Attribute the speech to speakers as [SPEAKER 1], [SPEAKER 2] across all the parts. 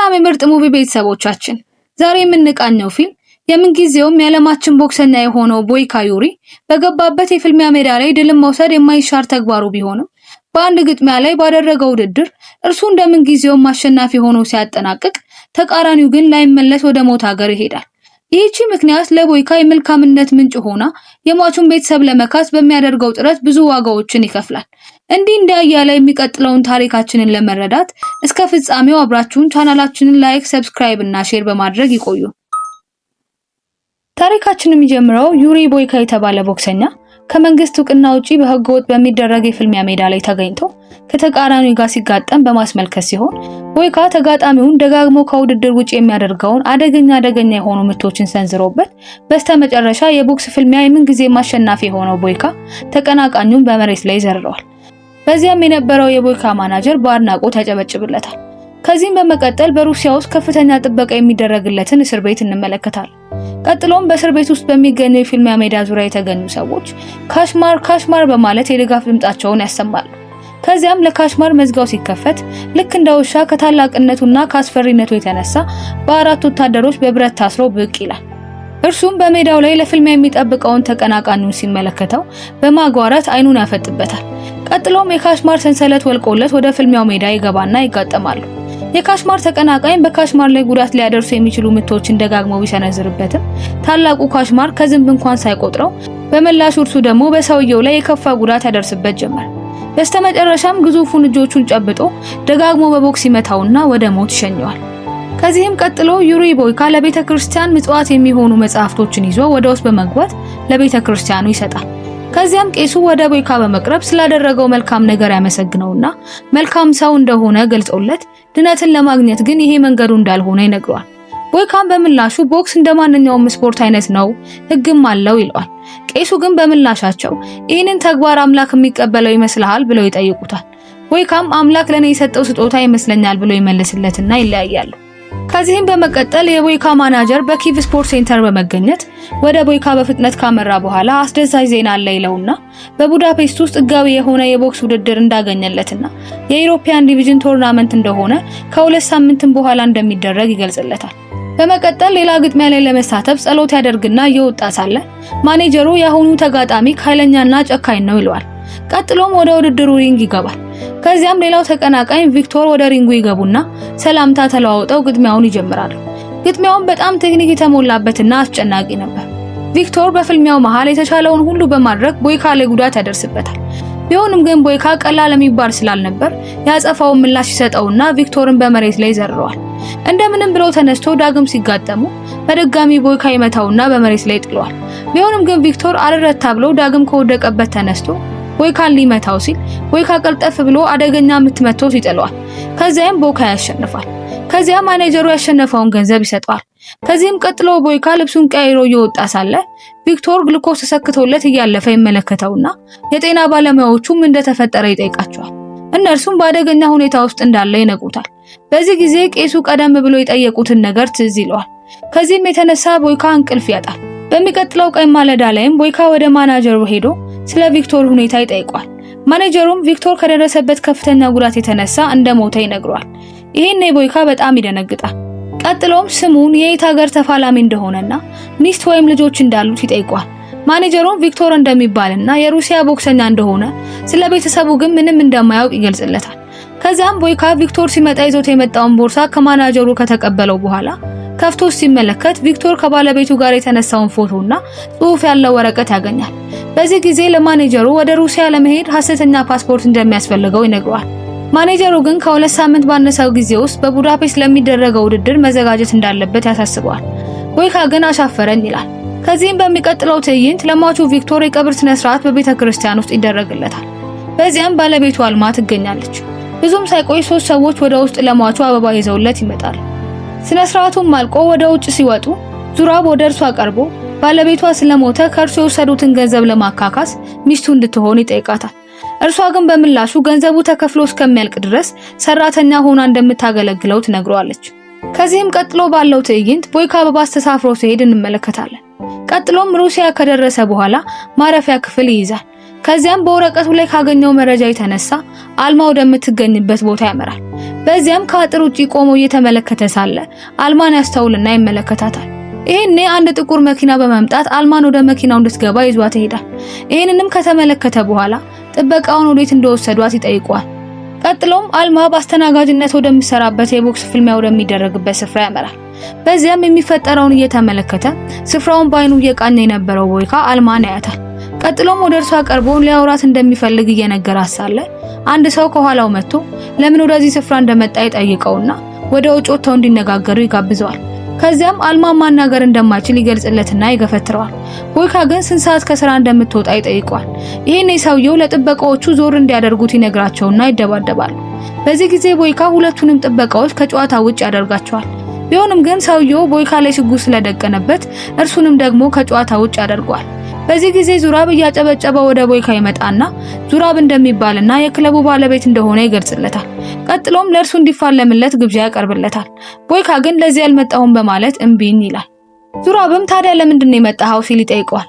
[SPEAKER 1] ሰላም የምርጥ ሙቪ ቤተሰቦቻችን፣ ዛሬ የምንቃኘው ፊልም የምንጊዜውም የዓለማችን ቦክሰኛ የሆነው ዩሪ በገባበት የፍልሚያ ሜዳ ላይ ድልን መውሰድ የማይሻር ተግባሩ ቢሆንም በአንድ ግጥሚያ ላይ ባደረገው ውድድር እርሱ እንደምንጊዜውም አሸናፊ ሆኖ ሲያጠናቅቅ፣ ተቃራኒው ግን ላይመለስ ወደ ሞት ሀገር ይሄዳል። ይህቺ ምክንያት ለቦይካ የመልካምነት ምንጭ ሆና የሟቹን ቤተሰብ ለመካስ በሚያደርገው ጥረት ብዙ ዋጋዎችን ይከፍላል። እንዲህ እንደ የሚቀጥለውን ታሪካችንን ለመረዳት እስከ ፍጻሜው አብራችሁን ቻናላችንን ላይክ፣ ሰብስክራይብ እና ሼር በማድረግ ይቆዩ። ታሪካችን የሚጀምረው ዩሪ ቦይካ የተባለ ቦክሰኛ ከመንግስት እውቅና ውጪ በህገወጥ በሚደረግ የፍልሚያ ሜዳ ላይ ተገኝቶ ከተቃራኒው ጋር ሲጋጠም በማስመልከት ሲሆን ቦይካ ተጋጣሚውን ደጋግሞ ከውድድር ውጪ የሚያደርገውን አደገኛ አደገኛ የሆኑ ምቶችን ሰንዝሮበት በስተመጨረሻ የቦክስ ፍልሚያ የምንጊዜም አሸናፊ የሆነው ቦይካ ተቀናቃኙን በመሬት ላይ ዘርረዋል። በዚያም የነበረው የቦይካ ማናጀር በአድናቆት ያጨበጭብለታል። ከዚህም በመቀጠል በሩሲያ ውስጥ ከፍተኛ ጥበቃ የሚደረግለትን እስር ቤት እንመለከታለን። ቀጥሎም በእስር ቤት ውስጥ በሚገኘው የፊልሚያ ሜዳ ዙሪያ የተገኙ ሰዎች ካሽማር ካሽማር በማለት የድጋፍ ድምጻቸውን ያሰማሉ። ከዚያም ለካሽማር መዝጋው ሲከፈት ልክ እንደ ውሻ ከታላቅነቱና ከአስፈሪነቱ የተነሳ በአራት ወታደሮች በብረት ታስሮ ብቅ ይላል። እርሱም በሜዳው ላይ ለፍልሚያ የሚጠብቀውን ተቀናቃኙን ሲመለከተው በማጓራት አይኑን ያፈጥበታል። ቀጥሎም የካሽማር ሰንሰለት ወልቆለት ወደ ፍልሚያው ሜዳ ይገባና ይጋጠማሉ። የካሽማር ተቀናቃኝ በካሽማር ላይ ጉዳት ሊያደርሱ የሚችሉ ምቶችን ደጋግሞ ቢሰነዝርበትም ታላቁ ካሽማር ከዝንብ እንኳን ሳይቆጥረው በምላሹ እርሱ ደግሞ በሰውየው ላይ የከፋ ጉዳት ያደርስበት ጀመር። በስተመጨረሻም ግዙፉን እጆቹን ጨብጦ ደጋግሞ በቦክስ ይመታውና ወደ ሞት ይሸኘዋል። ከዚህም ቀጥሎ ዩሪ ቦይካ ለቤተ ክርስቲያን ምጽዋት የሚሆኑ መጽሐፍቶችን ይዞ ወደ ውስጥ በመግባት ለቤተ ክርስቲያኑ ይሰጣል። ከዚያም ቄሱ ወደ ቦይካ በመቅረብ ስላደረገው መልካም ነገር ያመሰግነውና መልካም ሰው እንደሆነ ገልጾለት ድነትን ለማግኘት ግን ይሄ መንገዱ እንዳልሆነ ይነግረዋል። ቦይካም በምላሹ ቦክስ እንደ ማንኛውም ስፖርት አይነት ነው፣ ህግም አለው ይለዋል። ቄሱ ግን በምላሻቸው ይህንን ተግባር አምላክ የሚቀበለው ይመስልሃል ብለው ይጠይቁታል። ቦይካም አምላክ ለእኔ የሰጠው ስጦታ ይመስለኛል ብሎ ይመልስለትና ይለያያሉ። ከዚህም በመቀጠል የቦይካ ማናጀር በኪቭ ስፖርት ሴንተር በመገኘት ወደ ቦይካ በፍጥነት ካመራ በኋላ አስደሳች ዜና አለ ይለውና በቡዳፔስት ውስጥ ሕጋዊ የሆነ የቦክስ ውድድር እንዳገኘለትና የኢሮፒያን ዲቪዥን ቶርናመንት እንደሆነ ከሁለት ሳምንትም በኋላ እንደሚደረግ ይገልጽለታል። በመቀጠል ሌላ ግጥሚያ ላይ ለመሳተፍ ጸሎት ያደርግና እየወጣ ሳለ ማኔጀሩ የአሁኑ ተጋጣሚ ኃይለኛና ጨካኝ ነው ይለዋል። ቀጥሎም ወደ ውድድሩ ሪንግ ይገባል። ከዚያም ሌላው ተቀናቃኝ ቪክቶር ወደ ሪንጉ ይገቡና ሰላምታ ተለዋውጠው ግጥሚያውን ይጀምራሉ። ግጥሚያውን በጣም ቴክኒክ የተሞላበትና አስጨናቂ ነበር። ቪክቶር በፍልሚያው መሃል የተቻለውን ሁሉ በማድረግ ቦይካ ላይ ጉዳት ያደርስበታል። ቢሆንም ግን ቦይካ ቀላል የሚባል ስላልነበር ያጸፋውን ምላሽ ይሰጠውና ቪክቶርን በመሬት ላይ ዘርረዋል። እንደምንም ብለው ተነስቶ ዳግም ሲጋጠሙ በድጋሚ ቦይካ ይመታውና በመሬት ላይ ጥለዋል። ቢሆንም ግን ቪክቶር አልረታ ብሎ ዳግም ከወደቀበት ተነስቶ ወይ ሊመታው ሲል ወይ ካቀልጠፍ ብሎ አደገኛ የምትመቶ ይጥለዋል። ከዚያም ቦካ ያሸንፋል። ከዚያ ማኔጀሩ ያሸነፈውን ገንዘብ ይሰጠዋል። ከዚህም ቀጥሎ ቦይካ ልብሱን ቀይሮ እየወጣ ሳለ ቪክቶር ግሉኮስ ተሰክቶለት እያለፈ ይመለከተውና የጤና ባለሙያዎቹ ምን እንደተፈጠረ ይጠይቃቸዋል። እነርሱም በአደገኛ ሁኔታ ውስጥ እንዳለ ይነግሩታል። በዚህ ጊዜ ቄሱ ቀደም ብሎ የጠየቁትን ነገር ትዝ ይለዋል። ከዚህም የተነሳ ቦይካ እንቅልፍ ያጣል። በሚቀጥለው ቀን ማለዳ ላይም ቦይካ ወደ ማናጀሩ ሄዶ ስለ ቪክቶር ሁኔታ ይጠይቋል። ማኔጀሩም ቪክቶር ከደረሰበት ከፍተኛ ጉዳት የተነሳ እንደሞተ ይነግሯል። ይሄን ቦይካ በጣም ይደነግጣል። ቀጥሎም ስሙን የየት ሀገር ተፋላሚ እንደሆነና ሚስት ወይም ልጆች እንዳሉት ይጠይቋል። ማኔጀሩም ቪክቶር እንደሚባልና የሩሲያ ቦክሰኛ እንደሆነ ስለ ቤተሰቡ ግን ምንም እንደማያውቅ ይገልጽለታል። ከዛም ቦይካ ቪክቶር ሲመጣ ይዞት የመጣውን ቦርሳ ከማናጀሩ ከተቀበለው በኋላ ከፍቶ ሲመለከት ቪክቶር ከባለቤቱ ጋር የተነሳውን ፎቶና ጽሑፍ ያለው ወረቀት ያገኛል። በዚህ ጊዜ ለማኔጀሩ ወደ ሩሲያ ለመሄድ ሐሰተኛ ፓስፖርት እንደሚያስፈልገው ይነግረዋል። ማኔጀሩ ግን ከሁለት ሳምንት ባነሰው ጊዜ ውስጥ በቡዳፔስት ለሚደረገው ውድድር መዘጋጀት እንዳለበት ያሳስበዋል። ቦይካ ግን አሻፈረኝ ይላል። ከዚህም በሚቀጥለው ትዕይንት ለሟቹ ቪክቶር የቀብር ስነ ስርዓት በቤተ ክርስቲያን ውስጥ ይደረግለታል። በዚያም ባለቤቱ አልማ ትገኛለች። ብዙም ሳይቆይ ሶስት ሰዎች ወደ ውስጥ ለሟቹ አበባ ይዘውለት ይመጣሉ። ስነ ስርዓቱም አልቆ ወደ ውጭ ሲወጡ ዙራብ ወደ እርሷ ቀርቦ ባለቤቷ ስለሞተ ከእርሱ የወሰዱትን ገንዘብ ለማካካስ ሚስቱ እንድትሆን ይጠይቃታል። እርሷ ግን በምላሹ ገንዘቡ ተከፍሎ እስከሚያልቅ ድረስ ሰራተኛ ሆና እንደምታገለግለው ትነግረዋለች። ከዚህም ቀጥሎ ባለው ትዕይንት ቦይካ በባስ ተሳፍሮ ሲሄድ እንመለከታለን። ቀጥሎም ሩሲያ ከደረሰ በኋላ ማረፊያ ክፍል ይይዛል። ከዚያም በወረቀቱ ላይ ካገኘው መረጃ የተነሳ አልማ ወደምትገኝበት ቦታ ያመራል። በዚያም ከአጥር ውጪ ቆሞ እየተመለከተ ሳለ አልማን ያስተውልና ይመለከታታል። ይህኔ አንድ ጥቁር መኪና በመምጣት አልማን ወደ መኪናው እንድትገባ ይዟት ይሄዳል። ይሄንንም ከተመለከተ በኋላ ጥበቃውን ወዴት እንደወሰዷት ይጠይቋል። ቀጥሎም አልማ በአስተናጋጅነት ወደሚሰራበት የቦክስ ፍልሚያ ወደሚደረግበት ስፍራ ያመራል። በዚያም የሚፈጠረውን እየተመለከተ ስፍራውን በአይኑ እየቃኘ የነበረው ቦይካ አልማን ያያታል። ቀጥሎም ወደ እርሷ ቀርቦ ሊያውራት እንደሚፈልግ እየነገራት ሳለ አንድ ሰው ከኋላው መጥቶ ለምን ወደዚህ ስፍራ እንደመጣ ይጠይቀውና ወደ ውጭ ወጥተው እንዲነጋገሩ ይጋብዘዋል። ከዚያም አልማ ማናገር እንደማይችል ይገልጽለትና ይገፈትረዋል። ቦይካ ግን ስንት ሰዓት ከስራ እንደምትወጣ ይጠይቀዋል። ይህን ሰውየው ለጥበቃዎቹ ዞር እንዲያደርጉት ይነግራቸውና ይደባደባሉ። በዚህ ጊዜ ቦይካ ሁለቱንም ጥበቃዎች ከጨዋታ ውጭ ያደርጋቸዋል። ቢሆንም ግን ሰውየው ቦይካ ላይ ሽጉጥ ስለደቀነበት እርሱንም ደግሞ ከጨዋታ ውጭ ያደርገዋል። በዚህ ጊዜ ዙራብ እያጨበጨበ ወደ ቦይካ ይመጣና ዙራብ እንደሚባልና የክለቡ ባለቤት እንደሆነ ይገልጽለታል። ቀጥሎም ለእርሱ እንዲፋለምለት ግብዣ ያቀርብለታል። ቦይካ ግን ለዚህ ያልመጣሁም በማለት እምቢን ይላል። ዙራብም ታዲያ ለምንድን ነው የመጣኸው ሲል ይጠይቀዋል።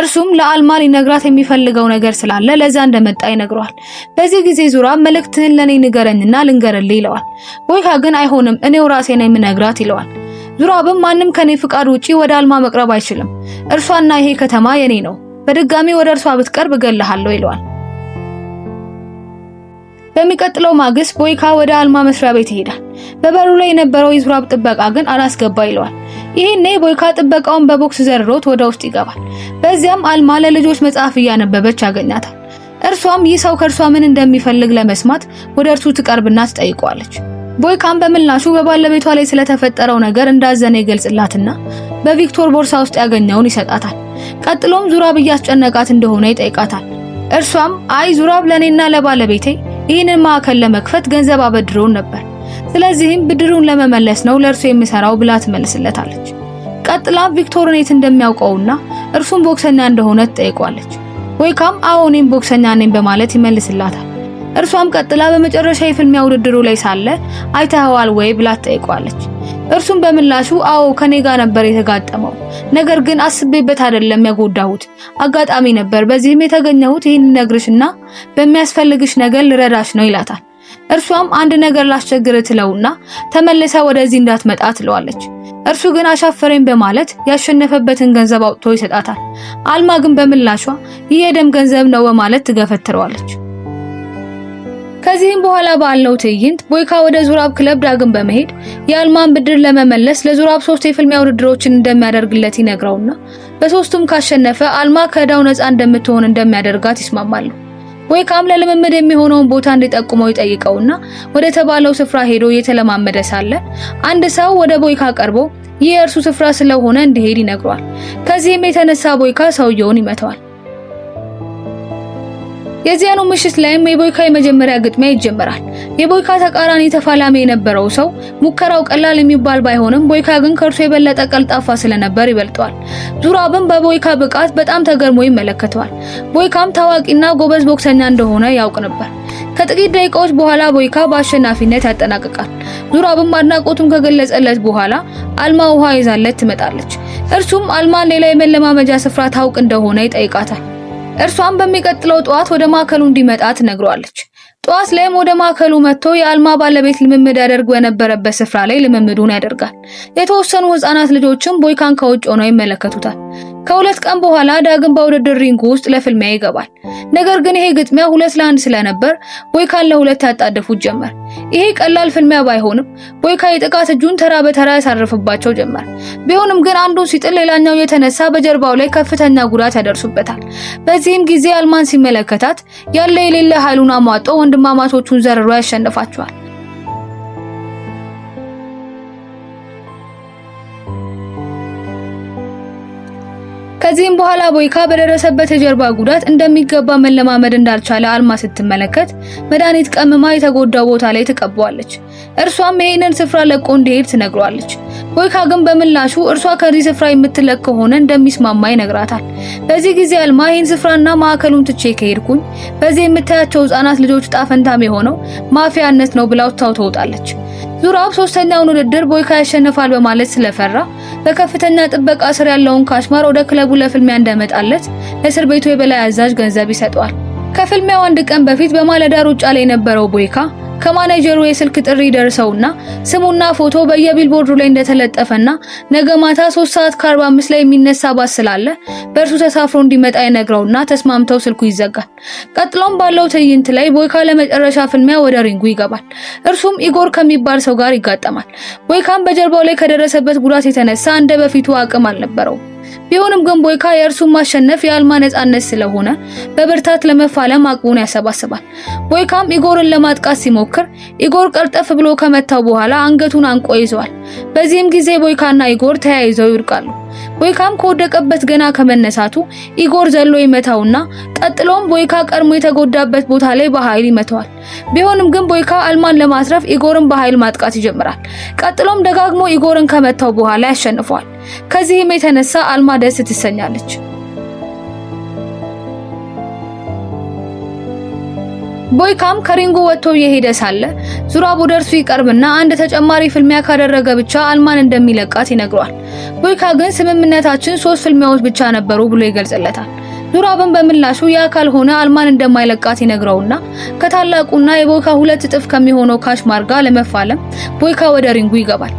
[SPEAKER 1] እርሱም ለአልማ ሊነግራት የሚፈልገው ነገር ስላለ ለዛ እንደመጣ ይነግረዋል። በዚህ ጊዜ ዙራብ መልእክትህን ለኔ ንገረኝና ልንገርልህ ይለዋል። ቦይካ ግን አይሆንም እኔው ራሴ ነኝ የምነግራት ይለዋል። ዙራብም ማንም ከኔ ፍቃድ ውጪ ወደ አልማ መቅረብ አይችልም። እርሷና ይሄ ከተማ የኔ ነው። በድጋሚ ወደ እርሷ ብትቀርብ እገልሃለሁ ይለዋል። በሚቀጥለው ማግስት ቦይካ ወደ አልማ መስሪያ ቤት ይሄዳል። በበሩ ላይ የነበረው የዙራብ ጥበቃ ግን አላስገባ ይለዋል። ይህኔ ቦይካ ጥበቃውን በቦክስ ዘርሮት ወደ ውስጥ ይገባል። በዚያም አልማ ለልጆች መጽሐፍ እያነበበች ያገኛታል። እርሷም ይህ ሰው ከእርሷ ምን እንደሚፈልግ ለመስማት ወደ እርሱ ትቀርብና ትጠይቀዋለች። ቦይካም በምላሹ በባለቤቷ ላይ ስለተፈጠረው ነገር እንዳዘነ ይገልጽላትና በቪክቶር ቦርሳ ውስጥ ያገኘውን ይሰጣታል። ቀጥሎም ዙራብ እያስጨነቃት እንደሆነ ይጠይቃታል። እርሷም አይ ዙራብ ለኔና ለባለቤቴ ይህንን ማዕከል ለመክፈት ገንዘብ አበድሮን ነበር፣ ስለዚህም ብድሩን ለመመለስ ነው ለእርሱ የምሰራው ብላ ትመልስለታለች። ቀጥላም ቪክቶርን የት እንደሚያውቀውና እርሱም ቦክሰኛ እንደሆነ ትጠይቋለች። ቦይካም አዎ እኔም ቦክሰኛ ነኝ በማለት ይመልስላታል። እርሷም ቀጥላ በመጨረሻ የፍልሚያ ውድድሩ ላይ ሳለ አይተኸዋል ወይ ብላ ትጠይቋለች። እርሱም በምላሹ አዎ ከኔ ጋር ነበር የተጋጠመው፣ ነገር ግን አስቤበት አይደለም ያጎዳሁት፣ አጋጣሚ ነበር። በዚህም የተገኘሁት ይህን ነግርሽና በሚያስፈልግሽ ነገር ልረዳሽ ነው ይላታል። እርሷም አንድ ነገር ላስቸግር ትለውና ተመልሳ ወደዚህ እንዳትመጣ ትለዋለች። እርሱ ግን አሻፈረኝ በማለት ያሸነፈበትን ገንዘብ አውጥቶ ይሰጣታል። አልማ ግን በምላሿ ይህ የደም ገንዘብ ነው በማለት ትገፈትረዋለች። ከዚህም በኋላ ባለው ትዕይንት ቦይካ ወደ ዙራብ ክለብ ዳግም በመሄድ የአልማን ብድር ለመመለስ ለዙራብ ሶስት የፍልሚያ ውድድሮችን እንደሚያደርግለት ይነግረውና በሶስቱም ካሸነፈ አልማ ከዕዳው ነፃ እንደምትሆን እንደሚያደርጋት ይስማማሉ። ቦይካም ለልምምድ የሚሆነውን ቦታ እንዲጠቁመው ይጠይቀውና ወደ ተባለው ስፍራ ሄዶ እየተለማመደ ሳለ አንድ ሰው ወደ ቦይካ ቀርቦ ይህ የእርሱ ስፍራ ስለሆነ እንዲሄድ ይነግሯል። ከዚህም የተነሳ ቦይካ ሰውየውን ይመተዋል። የዚያኑ ምሽት ላይም የቦይካ የመጀመሪያ ግጥሚያ ይጀመራል። የቦይካ ተቃራኒ ተፋላሚ የነበረው ሰው ሙከራው ቀላል የሚባል ባይሆንም ቦይካ ግን ከእርሱ የበለጠ ቀልጣፋ ስለነበር ይበልጠዋል። ዙራብም በቦይካ ብቃት በጣም ተገርሞ ይመለከተዋል። ቦይካም ታዋቂና ጎበዝ ቦክሰኛ እንደሆነ ያውቅ ነበር። ከጥቂት ደቂቃዎች በኋላ ቦይካ በአሸናፊነት ያጠናቅቃል። ዙራብም አድናቆቱን ከገለጸለት በኋላ አልማ ውሃ ይዛለት ትመጣለች። እርሱም አልማን ሌላ የመለማመጃ ስፍራ ታውቅ እንደሆነ ይጠይቃታል። እርሷም በሚቀጥለው ጠዋት ወደ ማዕከሉ እንዲመጣ ትነግሯለች። ጠዋት ላይም ወደ ማዕከሉ መጥቶ የአልማ ባለቤት ልምምድ ያደርግ የነበረበት ስፍራ ላይ ልምምዱን ያደርጋል። የተወሰኑ ህፃናት ልጆችም ቦይካን ከውጭ ሆነው ይመለከቱታል። ከሁለት ቀን በኋላ ዳግም በውድድር ሪንግ ውስጥ ለፍልሚያ ይገባል። ነገር ግን ይሄ ግጥሚያ ሁለት ለአንድ ስለነበር ቦይካን ለሁለት ያጣደፉት ጀመር። ይሄ ቀላል ፍልሚያ ባይሆንም ቦይካ የጥቃት እጁን ተራ በተራ ያሳርፍባቸው ጀመር። ቢሆንም ግን አንዱ ሲጥል ሌላኛው የተነሳ በጀርባው ላይ ከፍተኛ ጉዳት ያደርሱበታል። በዚህም ጊዜ አልማን ሲመለከታት ያለ የሌለ ኃይሉን አሟጦ ወንድማማቾቹን ዘርሮ ያሸንፋቸዋል። ከዚህም በኋላ ቦይካ በደረሰበት የጀርባ ጉዳት እንደሚገባ መለማመድ እንዳልቻለ አልማ ስትመለከት መድኃኒት ቀምማ የተጎዳው ቦታ ላይ ትቀበዋለች። እርሷም ይህንን ስፍራ ለቆ እንዲሄድ ትነግሯለች። ቦይካ ግን በምላሹ እርሷ ከዚህ ስፍራ የምትለቅ ከሆነ እንደሚስማማ ይነግራታል። በዚህ ጊዜ አልማ ይህን ስፍራና ማዕከሉን ትቼ ከሄድኩኝ በዚህ የምታያቸው ህጻናት ልጆች ጣፈንታም የሆነው ማፊያነት ነው ብላው ታው ተውጣለች። ዙራብ ሶስተኛውን ውድድር ቦይካ ያሸንፋል በማለት ስለፈራ በከፍተኛ ጥበቃ ስር ያለውን ካሽማር ወደ ክለቡ ለፍልሚያ እንዳመጣለት ለእስር ቤቱ የበላይ አዛዥ ገንዘብ ይሰጠዋል። ከፍልሚያው አንድ ቀን በፊት በማለዳ ሩጫ ላይ የነበረው ቦይካ ከማኔጀሩ የስልክ ጥሪ ደርሰውና ስሙና ፎቶ በየቢልቦርዱ ላይ እንደተለጠፈና ነገ ማታ 3 ሰዓት ከ45 ላይ የሚነሳ ባስ ስላለ በእርሱ ተሳፍሮ እንዲመጣ ይነግረውና ተስማምተው ስልኩ ይዘጋል። ቀጥሎም ባለው ትዕይንት ላይ ቦይካ ለመጨረሻ ፍልሚያ ወደ ሪንጉ ይገባል። እርሱም ኢጎር ከሚባል ሰው ጋር ይጋጠማል። ቦይካም በጀርባው ላይ ከደረሰበት ጉዳት የተነሳ እንደ በፊቱ አቅም አልነበረውም። ቢሆንም ግን ቦይካ የእርሱን ማሸነፍ የአልማ ነጻነት ስለሆነ በብርታት ለመፋለም አቅሙን ያሰባስባል። ቦይካም ኢጎርን ለማጥቃት ሲሞክር ኢጎር ቀልጠፍ ብሎ ከመታው በኋላ አንገቱን አንቆ ይዘዋል። በዚህም ጊዜ ቦይካና ኢጎር ተያይዘው ይወድቃሉ። ቦይካም ከወደቀበት ገና ከመነሳቱ ኢጎር ዘሎ ይመታውና ቀጥሎም ቦይካ ቀድሞ የተጎዳበት ቦታ ላይ በኃይል ይመታዋል። ቢሆንም ግን ቦይካ አልማን ለማስረፍ ኢጎርን በኃይል ማጥቃት ይጀምራል። ቀጥሎም ደጋግሞ ኢጎርን ከመታው በኋላ ያሸንፈዋል። ከዚህም የተነሳ አልማ ደስ ትሰኛለች። ቦይካም ከሪንጉ ወጥቶ እየሄደ ሳለ ወደ እርሱ ይቀርብና አንድ ተጨማሪ ፍልሚያ ካደረገ ብቻ አልማን እንደሚለቃት ይነግሯል። ቦይካ ግን ስምምነታችን ሶስት ፍልሚያዎች ብቻ ነበሩ ብሎ ይገልጽለታል። ዙራብን በምላሹ ያ ካልሆነ አልማን እንደማይለቃት ይነግረውና ከታላቁና የቦይካ ሁለት እጥፍ ከሚሆነው ካሽማር ጋር ለመፋለም ቦይካ ወደ ሪንጉ ይገባል።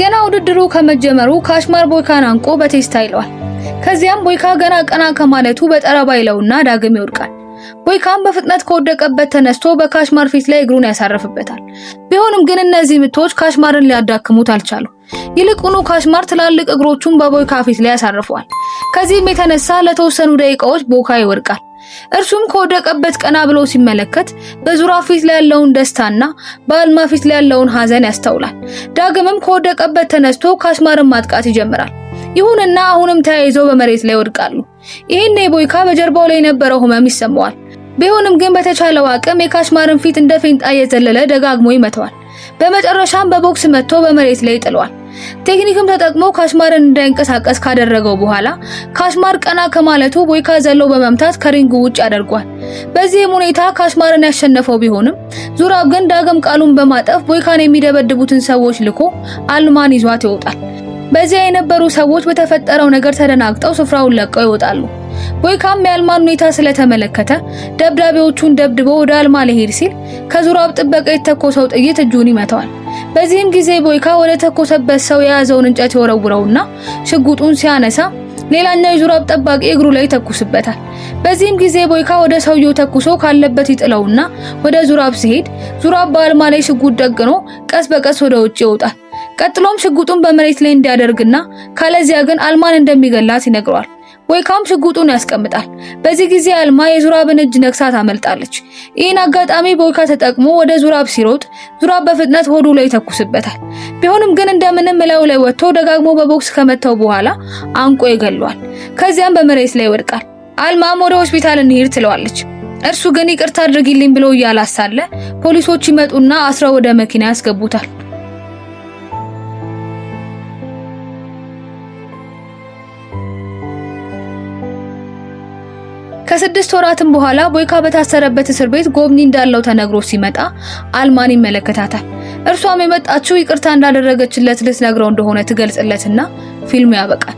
[SPEAKER 1] ገና ውድድሩ ከመጀመሩ ካሽማር ቦይካን አንቆ በቴስታ ይለዋል። ከዚያም ቦይካ ገና ቀና ከማለቱ በጠረባ ይለውና ዳግም ይወድቃል። ቦይካም በፍጥነት ከወደቀበት ተነስቶ በካሽማር ፊት ላይ እግሩን ያሳርፍበታል። ቢሆንም ግን እነዚህ ምቶች ካሽማርን ሊያዳክሙት አልቻሉ። ይልቁኑ ካሽማር ትላልቅ እግሮቹን በቦይካ ፊት ላይ ያሳርፈዋል። ከዚህም የተነሳ ለተወሰኑ ደቂቃዎች ቦይካ ይወድቃል። እርሱም ከወደቀበት ቀና ብሎ ሲመለከት በዙራ ፊት ላይ ያለውን ደስታና በአልማ ፊት ላይ ያለውን ሐዘን ያስተውላል። ዳግምም ከወደቀበት ተነስቶ ካሽማርን ማጥቃት ይጀምራል። ይሁንና አሁንም ተያይዘው በመሬት ላይ ይወድቃሉ። ይህኔ ቦይካ በጀርባው ላይ የነበረው ህመም ይሰማዋል። ቢሆንም ግን በተቻለው አቅም የካሽማርን ፊት እንደ ፌንጣ እየዘለለ ደጋግሞ ይመተዋል። በመጨረሻም በቦክስ መጥቶ በመሬት ላይ ይጥለዋል። ቴክኒክም ተጠቅሞ ካሽማርን እንዳይንቀሳቀስ ካደረገው በኋላ ካሽማር ቀና ከማለቱ ቦይካ ዘለው በመምታት ከሪንጉ ውጭ ያደርጓል። በዚህም ሁኔታ ካሽማርን ያሸነፈው ቢሆንም ዙራብ ግን ዳግም ቃሉን በማጠፍ ቦይካን የሚደበድቡትን ሰዎች ልኮ አልማን ይዟት ይወጣል። በዚያ የነበሩ ሰዎች በተፈጠረው ነገር ተደናግጠው ስፍራውን ለቀው ይወጣሉ። ቦይካም የአልማን ሁኔታ ስለተመለከተ ደብዳቤዎቹን ደብድቦ ወደ አልማ ሊሄድ ሲል ከዙራብ ጥበቃ የተኮሰው ጥይት እጁን ይመታዋል። በዚህም ጊዜ ቦይካ ወደ ተኮሰበት ሰው የያዘውን እንጨት ይወረውረውና ሽጉጡን ሲያነሳ ሌላኛው የዙራብ ጠባቂ እግሩ ላይ ይተኩስበታል። በዚህም ጊዜ ቦይካ ወደ ሰውየው ተኩሶ ካለበት ይጥለውና ወደ ዙራብ ሲሄድ ዙራብ በአልማ ላይ ሽጉጥ ደግኖ ቀስ በቀስ ወደ ውጭ ይወጣል። ቀጥሎም ሽጉጡን በመሬት ላይ እንዲያደርግና ካለዚያ ግን አልማን እንደሚገላት ይነግረዋል። ወይካም ሽጉጡን ያስቀምጣል። በዚህ ጊዜ አልማ የዙራብን እጅ ነክሳ ታመልጣለች። ይህን አጋጣሚ ቦይካ ተጠቅሞ ወደ ዙራብ ሲሮጥ ዙራብ በፍጥነት ሆዱ ላይ ይተኩስበታል። ቢሆንም ግን እንደምንም እላዩ ላይ ወጥቶ ደጋግሞ በቦክስ ከመታው በኋላ አንቆ ይገለዋል። ከዚያም በመሬት ላይ ይወድቃል። አልማም ወደ ሆስፒታል እንሂድ ትለዋለች። እርሱ ግን ይቅርታ አድርጊልኝ ብሎ እያላሳለ ፖሊሶች ይመጡና አስረው ወደ መኪና ያስገቡታል። ከስድስት ወራትም በኋላ ቦይካ በታሰረበት እስር ቤት ጎብኒ እንዳለው ተነግሮ ሲመጣ አልማን ይመለከታታል። እርሷም የመጣችው ይቅርታ እንዳደረገችለት ልትነግረው እንደሆነ ትገልጽለትና ፊልሙ ያበቃል።